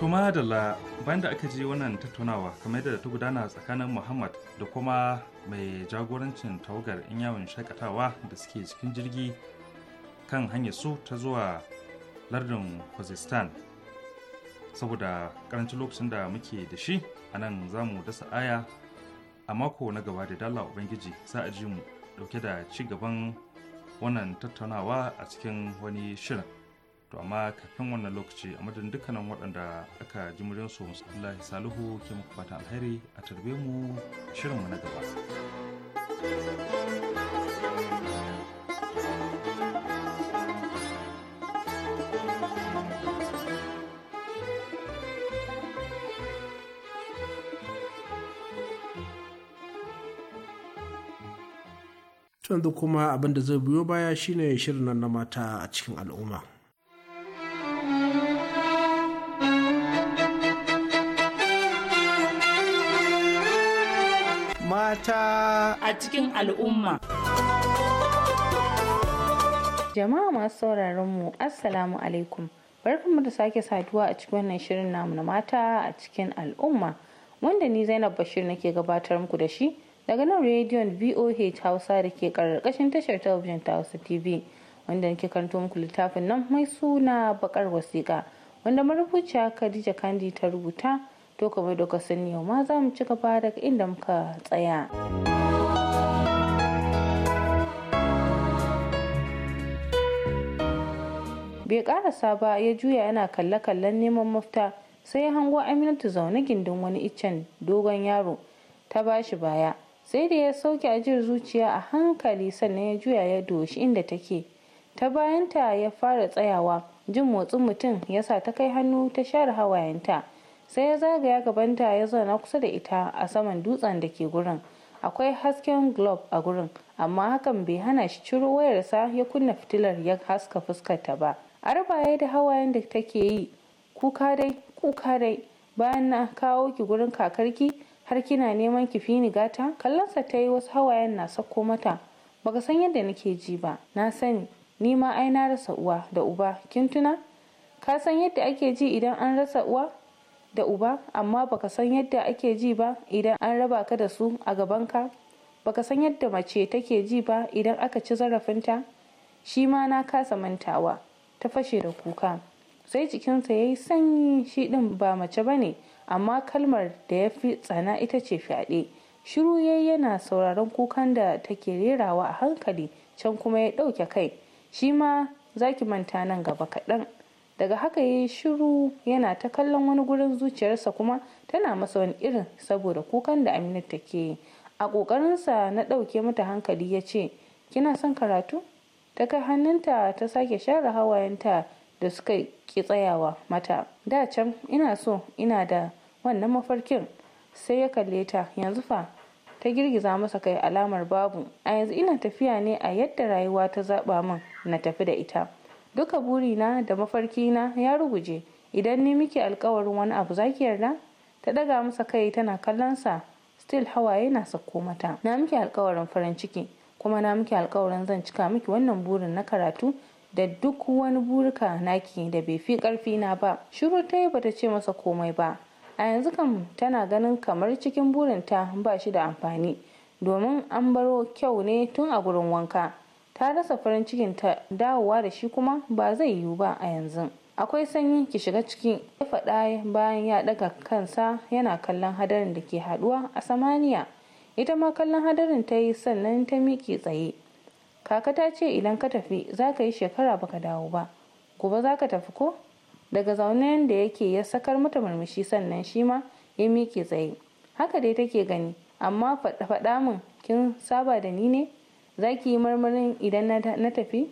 Tuma da la bayan da aka ji wannan tattaunawa kamar yadda ta gudana tsakanin Muhammad da kuma mai jagorancin tawagar in yawon shakatawa da suke cikin jirgi kan hanyar su ta zuwa lardin Khuzestan. Saboda karancin lokacin da muke da shi, a nan za mu dasa aya a mako na gaba da dala ubangiji za a ji mu dauke da ci gaban wannan tattaunawa a cikin wani shirin to amma kafin wannan lokaci a madadin dukkanin waɗanda aka ji muryansu musallahi salihu ke muku fata alheri a tarbe mu shirin mu na gaba yanzu kuma abin da zai biyo baya shine shirin na mata a cikin al'umma mata a cikin al'umma jama'a masu sauraronmu assalamu alaikum barkanmu da sake saduwa a cikin wannan shirin namu na mata a cikin al'umma wanda ni zainab bashir nake gabatar muku da shi daga nan rediyon voh hausa da ke karkashin tashar talabijin ta hausa tv wanda nake karanto muku littafin nan mai suna bakar wasiƙa wanda marubuciya khadija kandi ta rubuta to kamar da kasan yau ma za mu ci gaba daga inda muka tsaya bai karasa ba ya juya yana kalle-kallen neman mafita sai ya hango aminatu zaune gindin wani iccen dogon yaro ta bashi baya sai da ya sauke a jin zuciya a hankali sannan ya juya ya doshi inda take ta bayanta ya fara tsayawa jin motsin mutum ya sa ta kai hannu ta share hawayenta sai ya zagaya gabanta ya zauna kusa da ita a saman dutsen da ke gurin akwai hasken globe a gurin amma hakan bai hana shi ciro wayarsa ya kunna fitilar ya haska fuskarta ba arba da hawayen da take yi kuka dai kuka dai bayan na kawo ki gurin kakarki har kina neman ki fini ni gata kallonsa ta yi wasu hawayen na sako mata baka san yadda nake ji ba na sani ni ma ai na rasa uwa da uba kin tuna ka san yadda ake ji idan an rasa uwa da uba amma baka san yadda ake ji ba idan an raba ka da su a gaban ka baka san yadda mace take ji ba idan aka ci zarafinta shi ma na kasa mantawa ta fashe da kuka sai jikinsa ya yi sanyi shi ɗin ba mace ba ne amma kalmar da ya fi tsana ita ce fyaɗe shiru ya yana sauraron kukan da take rerawa a hankali can kuma ya ɗauke kai shi ma za ki manta nan gaba kaɗan daga haka ya shiru yana ta kallon wani gurin zuciyarsa kuma tana masa wani irin saboda kukan da aminu take a ƙoƙarinsa na ɗauke mata hankali ya ce kina son karatu ta kai hannunta ta sake share hawayenta da suka ki tsayawa mata da can ina so ina da wannan mafarkin sai ya kalle ta yanzu fa ta girgiza masa kai alamar babu a yanzu ina tafiya ne a yadda rayuwa ta zaba min na tafi da ita duka burina da mafarkina ya ruguje idan ni miki alkawarin wani abu zaki yarda ta daga masa kai tana kallonsa still hawaye na sako mata na miki alkawarin farin ciki kuma na miki alkawarin zan cika miki wannan burin na karatu da duk wani burika naki da bai fi karfi na ba shiru ta yi bata ce masa komai ba a yanzu kam tana ganin kamar cikin burinta ba shi da amfani domin an baro kyau ne tun a gurin wanka ta rasa farin cikin ta dawowa da shi kuma ba zai yiwu ba a yanzu akwai sanyi ki shiga ciki ya faɗa bayan ya ɗaga kansa yana kallon hadarin da ke haɗuwa a samaniya ita ma kallon hadarin ta yi sannan ta miƙe tsaye kaka ta ce idan ka tafi za ka yi shekara baka dawo ba gobe za ka tafi ko daga zaune da yake ya sakar mata murmushi sannan shi ma ya miƙe tsaye haka dai take gani amma faɗa min kin saba da ni ne za ki yi marmarin idan na tafi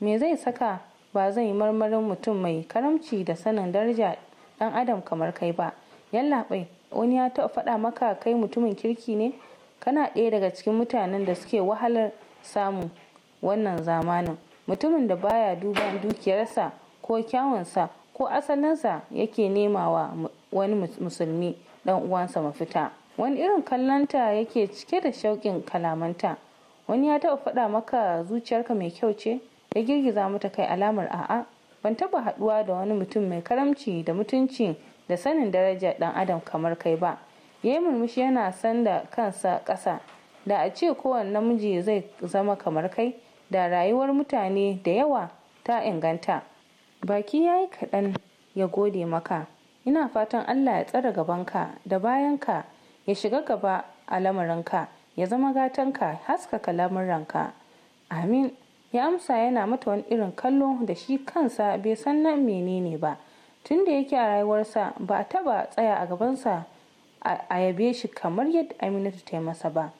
me zai saka ba zan yi marmarin mutum mai karamci da sanin daraja dan adam kamar kai ba yallaɓai wani ya taɓa faɗa maka kai mutumin kirki ne kana ɗaya daga cikin mutanen da suke wahalar samun wannan zamanin mutumin da baya duba dukiyarsa ko kyawunsa ko asalinsa yake nema wa wani musulmi dan uwansa mafita wani irin kallonta yake cike da shauƙin kalamanta wani ya taɓa faɗa maka zuciyarka mai kyau ce ya girgiza mata kai alamar a'a ban taɓa haɗuwa da wani mutum mai karamci da mutunci da sanin daraja ɗan adam kamar kai ba ya yi murmushi yana sanda kansa ƙasa da a ce kowane namiji zai zama kamar kai da rayuwar mutane da yawa ta inganta baki ya yi kaɗan ya gode maka ina fatan allah ya tsara gabanka da bayan ka ya shiga gaba a lamarinka ya zama gatan gatanka haskaka lamuranka amin ya amsa yana mata wani irin kallo da shi kansa bai san nan menene ba tun da yake a rayuwarsa ba a taba tsaya a gabansa a yabe shi kamar yadda aminatu ta yi masa ba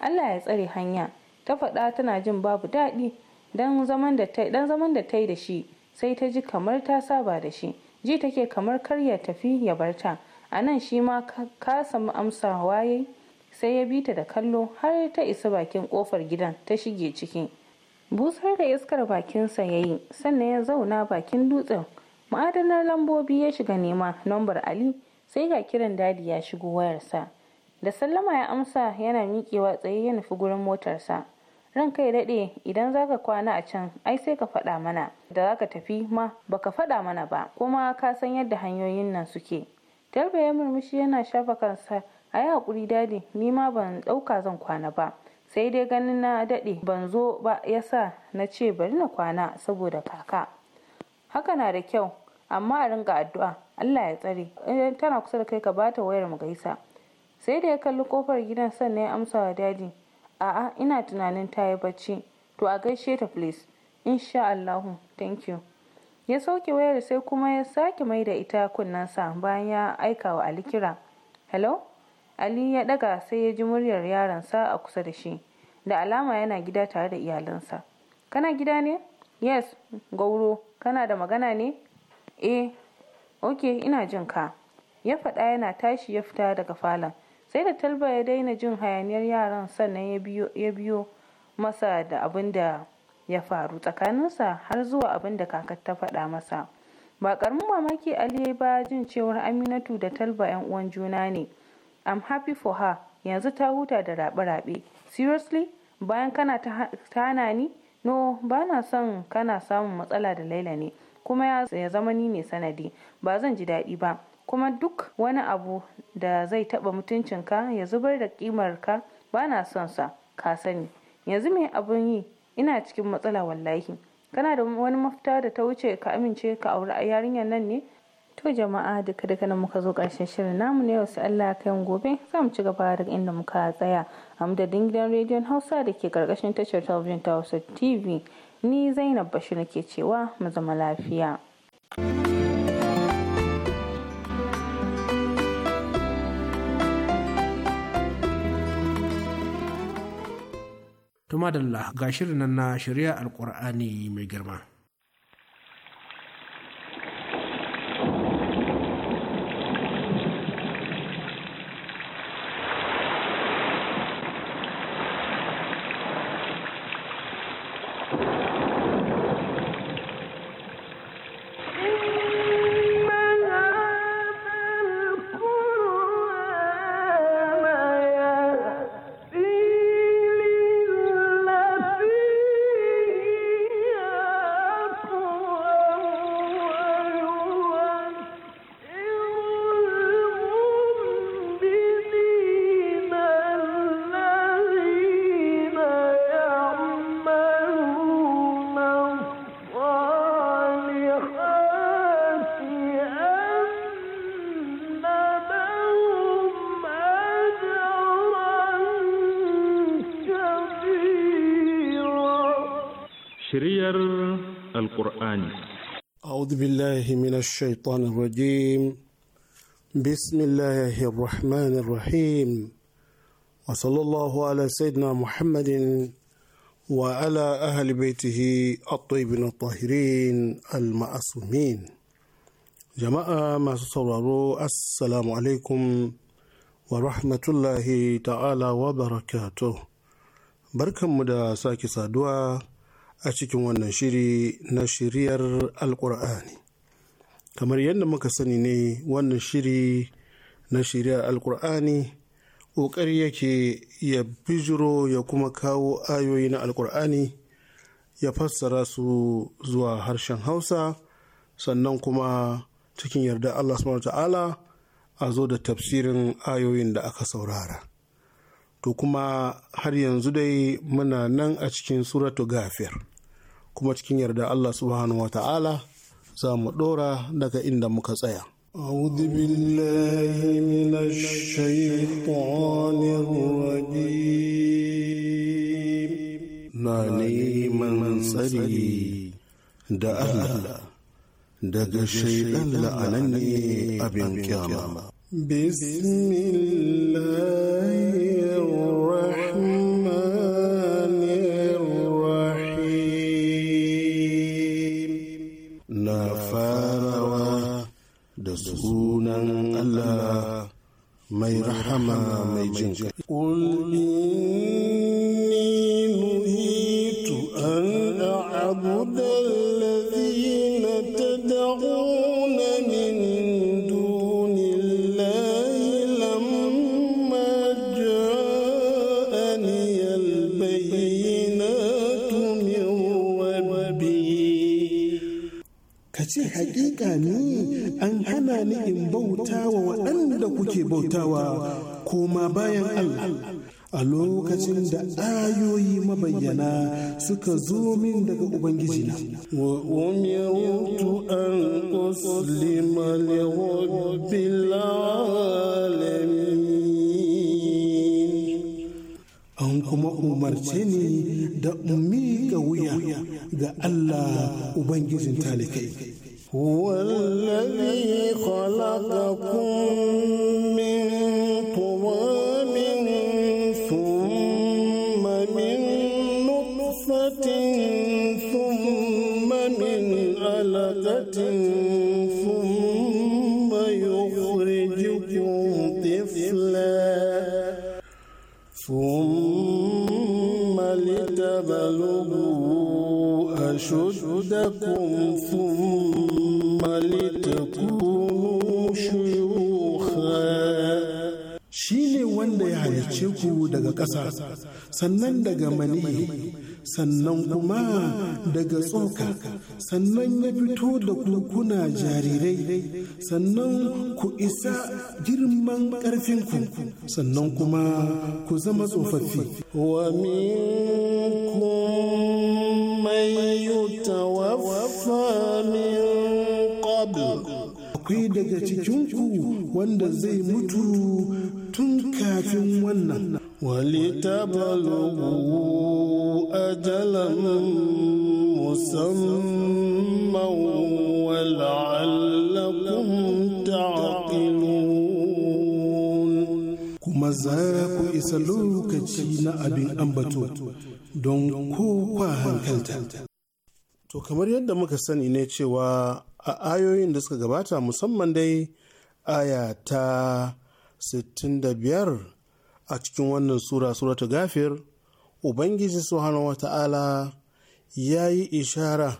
allah ya tsare hanya ta faɗa tana jin babu daɗi dan zaman da ta dan zaman da ta yi da shi sai ta ji kamar ta saba da shi ji take kamar kar ya tafi ya bar ta a nan shi ma ka samu amsa waye sai ya bi ta da kallo har ta isa bakin kofar gidan ta shige ciki busar da iskar bakin sa yayi sannan ya zauna bakin dutsen ma'adanar lambobi ya shiga nema lambar ali sai ga kiran dadi ya shigo wayarsa da sallama ya amsa yana miƙewa tsaye ya nufi gurin motarsa ran kai daɗe idan za ka kwana a can ai sai ka faɗa mana da za ka tafi ma ba ka faɗa mana ba kuma ka san yadda hanyoyin nan suke darba ya murmushi yana shafa kansa a yi haƙuri dadi ni ma ban ɗauka zan kwana ba sai dai ganin na daɗe ban zo ba ya sa na ce bari na kwana saboda kaka haka na da kyau amma a ringa addu'a Allah ya tsare idan tana kusa da kai ka bata wayar mu gaisa sai da ya kalli kofar gidan sannan ya amsa wa dadi a'a ina tunanin ta yi bacci to a gaishe ta please insha Allahu thank you ya sauke wayar sai kuma ya sake mai da ita kunnensa bayan ya aika wa Ali kira hello Ali ya daga sai ya ji muryar yaransa a kusa da shi da alama yana gida tare da iyalansa kana gida ne yes gauro kana da magana ne eh ok ina jin ka ya faɗa yana tashi ya fita daga falon sai da talba ya daina jin hayaniyar yaran sannan ya biyo masa da abin da ya faru tsakaninsa har zuwa abin da kakar ta faɗa masa ba karamin mamaki ali ba jin cewar aminatu da talba yan uwan juna ne i'm happy for her yanzu ta huta da rabe-rabe seriously bayan kana ta hana ni no ba na son kana samun matsala da laila ne kuma ya zama ni ne sanadi ba zan ji daɗi ba kuma duk wani abu da zai taɓa mutuncinka ya zubar da ka ba na son sa ka sani yanzu mai abun yi ina cikin matsala wallahi kana da wani mafita da ta wuce ka amince ka auri a yarinyar nan ne to jama'a duka duka nan muka zo karshen shirin namu ne wasu Allah yin gobe za mu ci gaba da inda muka tsaya a madadin gidan rediyon hausa da ke karkashin tashar talabijin ta hausa tv ni zainab bashir nake cewa mu zama lafiya. thank you Tuma da ga shirin nan na shirya alkur'ani mai girma. أعوذ بالله من الشيطان الرجيم بسم الله الرحمن الرحيم وصلى الله على سيدنا محمد وعلى أهل بيته الطيبين الطاهرين المعصومين جماعة ما صوروا السلام عليكم ورحمة الله تعالى وبركاته بركة مدى ساكي صادوة a cikin wannan shiri na shiriyar alkur'ani kamar yadda muka sani ne wannan shiri na shiriyar alkur'ani ƙoƙari yake ya bijiro ya kuma kawo ayoyi na alkur'ani ya fassara su zuwa harshen hausa sannan kuma cikin yarda allah subhanahu a zo da tafsirin ayoyin da aka saurara to kuma har yanzu dai muna nan a cikin suratu gafir kuma cikin yarda Allah subhanahu wa ta'ala za mu ɗora daga inda muka tsaya أعوذ بالله من الشيطان الرجيم na neman tsari da Allah daga shaidan la'anan abin kyama. mai rahama mai jin bautawa koma bayan Allah. A lokacin da ayoyi mabayyana suka zo min daga Ubangiji na. Wa umirtu an uslima li rabbil alamin. An kuma umarce ni da umi ga wuya ga Allah Ubangijin talikai. Wallazi khalaqakum مخلقة ثم يخرجكم طفلا ثم لتبلغوا أشدكم ثم لتكونوا شيوخا shi ne wanda ya halicce ku daga ƙasa sannan daga sannan kuma daga tsoka sannan ya fito da kuna jarirai sannan ku isa girman ku, sannan kuma ku zama tsofaffi wa minkum man yutawaffa akwai daga cikinku wanda zai mutu tun kafin wannan ولتبلغوا أجلا مسمى ولعلكم تعقلون كما زاكو إسلوك جينا أبي أنبتو دون كوكا هنكلتا To kamar yadda muka sani ne cewa a ayoyin da suka gabata musamman dai aya ta 65 a cikin wannan sura suratu gafir ubangiji subhanahu wata'ala ya yi ishara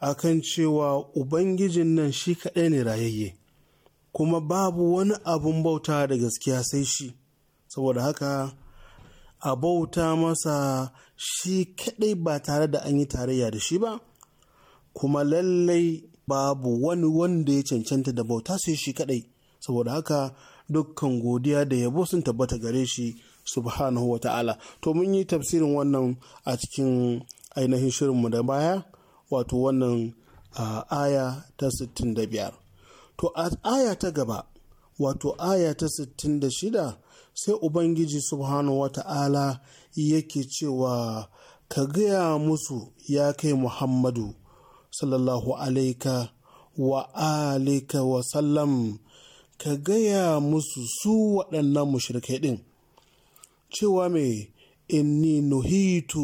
a kan cewa ubangijin nan shi kaɗai ne rayayye kuma babu wani abun bauta da gaskiya sai shi saboda haka a bauta masa shi kaɗai ba tare da an yi tarayya da shi ba kuma lallai babu wani wanda ya cancanta da bauta sai shi kaɗai saboda haka dukkan godiya da yabo sun tabbata gare shi subhanahu wa ta'ala to mun yi tafsirin wannan a cikin ainihin shirinmu da baya wato wannan aya ta 65 to a aya ta gaba wato aya ta 66 sai ubangiji subhanahu wa ta'ala yake cewa ka gaya musu ya kai muhammadu sallallahu alaika wa alika wa sallam ka gaya musu su waɗannan mushrikai ɗin cewa mai inni nuhitu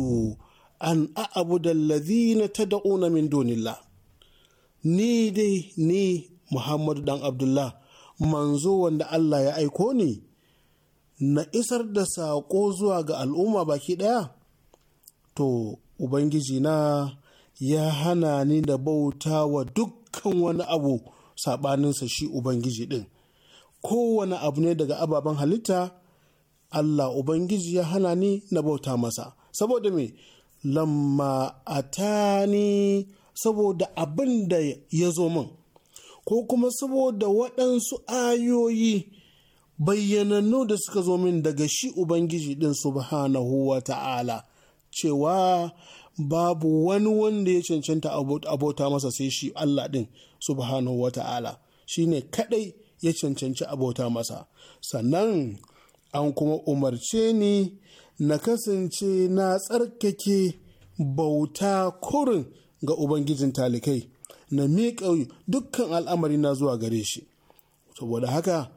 an na ta da'una min dunillah ni dai ni Muhammadu dan Abdullah manzo wanda Allah ya aiko ni na isar da saƙo zuwa ga al'umma baki ɗaya to ubangiji na ya hana ni da bauta wa dukkan wani abu saɓaninsa shi ubangiji ɗin kowane abu ne daga ababen halitta Allah Ubangiji ya hana ni na bauta masa saboda me lamma atani saboda abin da ya zo min ko kuma saboda waɗansu ayoyi bayyanannu da suka zo min daga shi Ubangiji ɗin subhanahu wa ta'ala cewa babu wani wanda ya cancanta abota masa sai shi Allah ɗin subhanahu wa ta'ala shi ne kaɗai ya cancanci abota masa sannan an kuma umarce ni na kasance na tsarkake bauta kurin ga ubangijin talikai na miƙa dukkan al'amari na zuwa gare shi saboda haka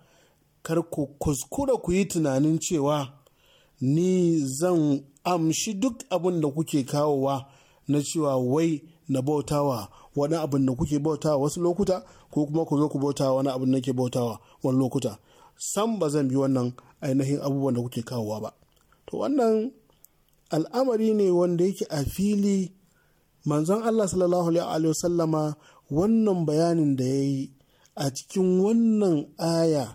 kar ku kuskura ku yi tunanin cewa ni zan amshi duk abin da kuke kawowa na cewa wai na bautawa wani abin da kuke bauta wasu lokuta ko kuma ku zo ku bauta wani abin da ke bautawa wani lokuta sam ba zan bi wannan ainihin abubuwan da kuke kawowa ba to wannan al'amari ne wanda yake a fili manzon Allah sallallahu alaihi wasallama wannan bayanin da ya yi a cikin wannan aya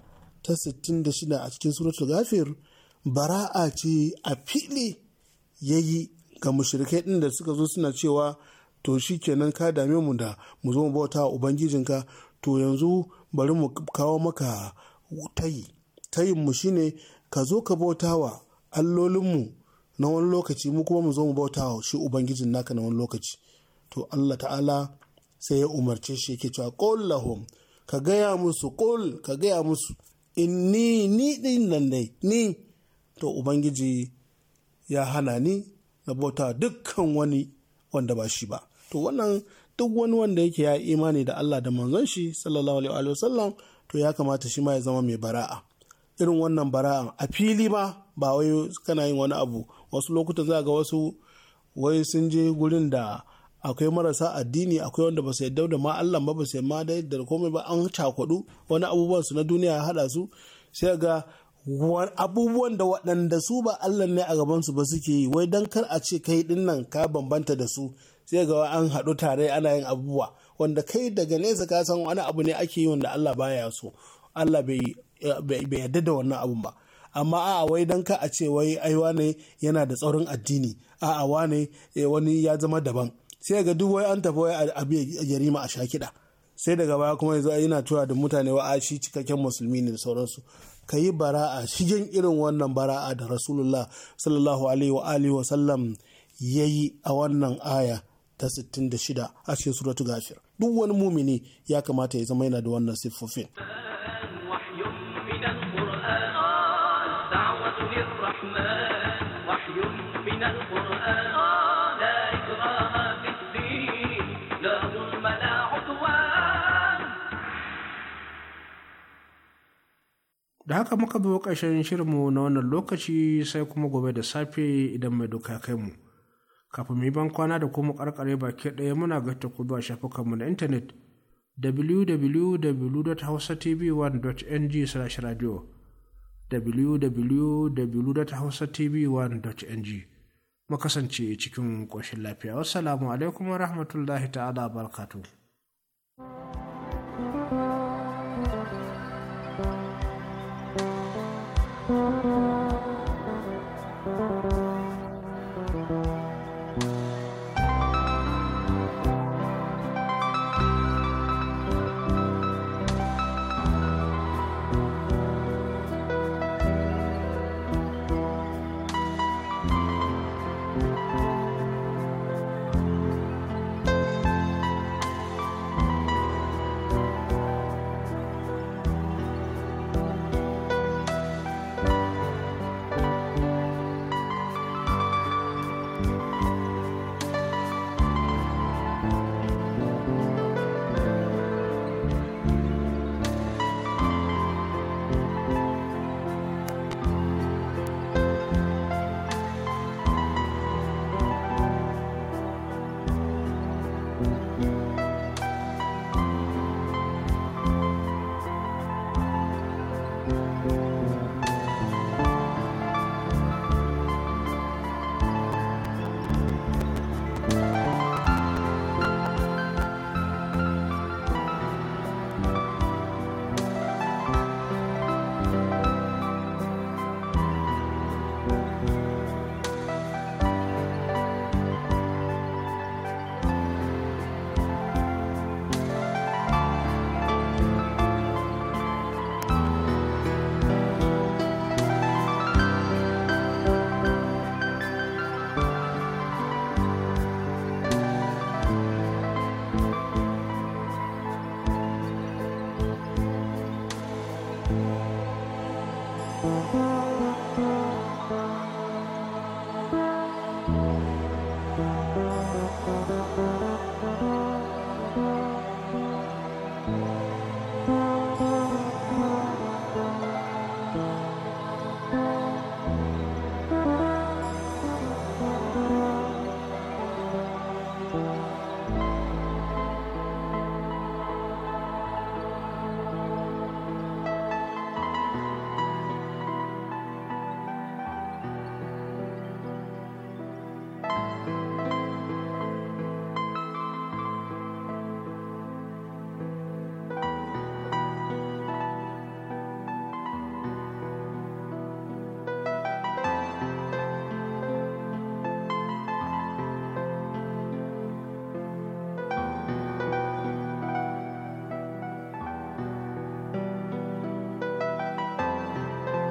ta 66 a cikin suratul gafir bara'a ce a fili ya yi ga mushrikai ɗin da suka zo suna cewa to shi kenan ka dame mu da mu zo mu bauta ubangijinka to yanzu bari mu kawo maka tayi tayin mu shine ka zo ka bauta wa allolinmu na wani lokaci mu kuma mu zo mu bauta wa shi ubangijin naka na wani lokaci to Allah ta'ala sai ya umarce shi yake cewa qul lahum ka gaya musu qul ka gaya musu inni ni din nan dai ni to ubangiji ya hana ni na bauta dukkan wani wanda ba shi ba to wannan duk wani wanda yake ya imani da Allah da manzon shi sallallahu alaihi wa sallam to ya kamata shi ma ya zama mai bara'a irin wannan bara'a a fili ba ba wai kana yin wani abu wasu lokutan za ga wasu wai sun je gurin da akwai marasa addini akwai wanda ba su yadda da ma Allah ba ba su ma da yadda komai ba an cakudu wani abubuwan su na duniya ya hada su sai ga abubuwan da waɗanda su ba Allah ne a gaban su ba suke yi wai dan kar a ce kai din nan ka bambanta da su sai ga an haɗu tare ana yin abubuwa wanda kai daga nesa ka san wani abu ne ake yi wanda Allah baya so Allah bai yarda da wannan abun ba amma a'a wai dan ka a ce wai ai wane yana da tsaurin addini a'a wane eh, wani ya zama daban sai ga duk wai an tafi wai abu yarima a sha kiɗa sai daga baya kuma yanzu yana tura da mutane wa shi cikakken musulmi ne da sauransu ka yi bara'a shigen irin wannan bara'a da rasulullah sallallahu alaihi wa alihi wa sallam ya yi a wannan aya ta 66 a cikin suratu gafir duk wani mumini ya kamata ya zama yana da wannan siffofin da haka muka bi ƙarshen shirinmu na wannan lokaci sai kuma gobe da safe idan mai doka kai mu kafin mu yi ban kwana da kuma karkare baki ɗaya muna ga ku shafukan shafukanmu na intanet www.hausatv1.ng/radio www.hausatv1.ng mu kasance cikin ƙoshin lafiya wassalamu alaikum wa rahmatullahi ta'ala barakatuh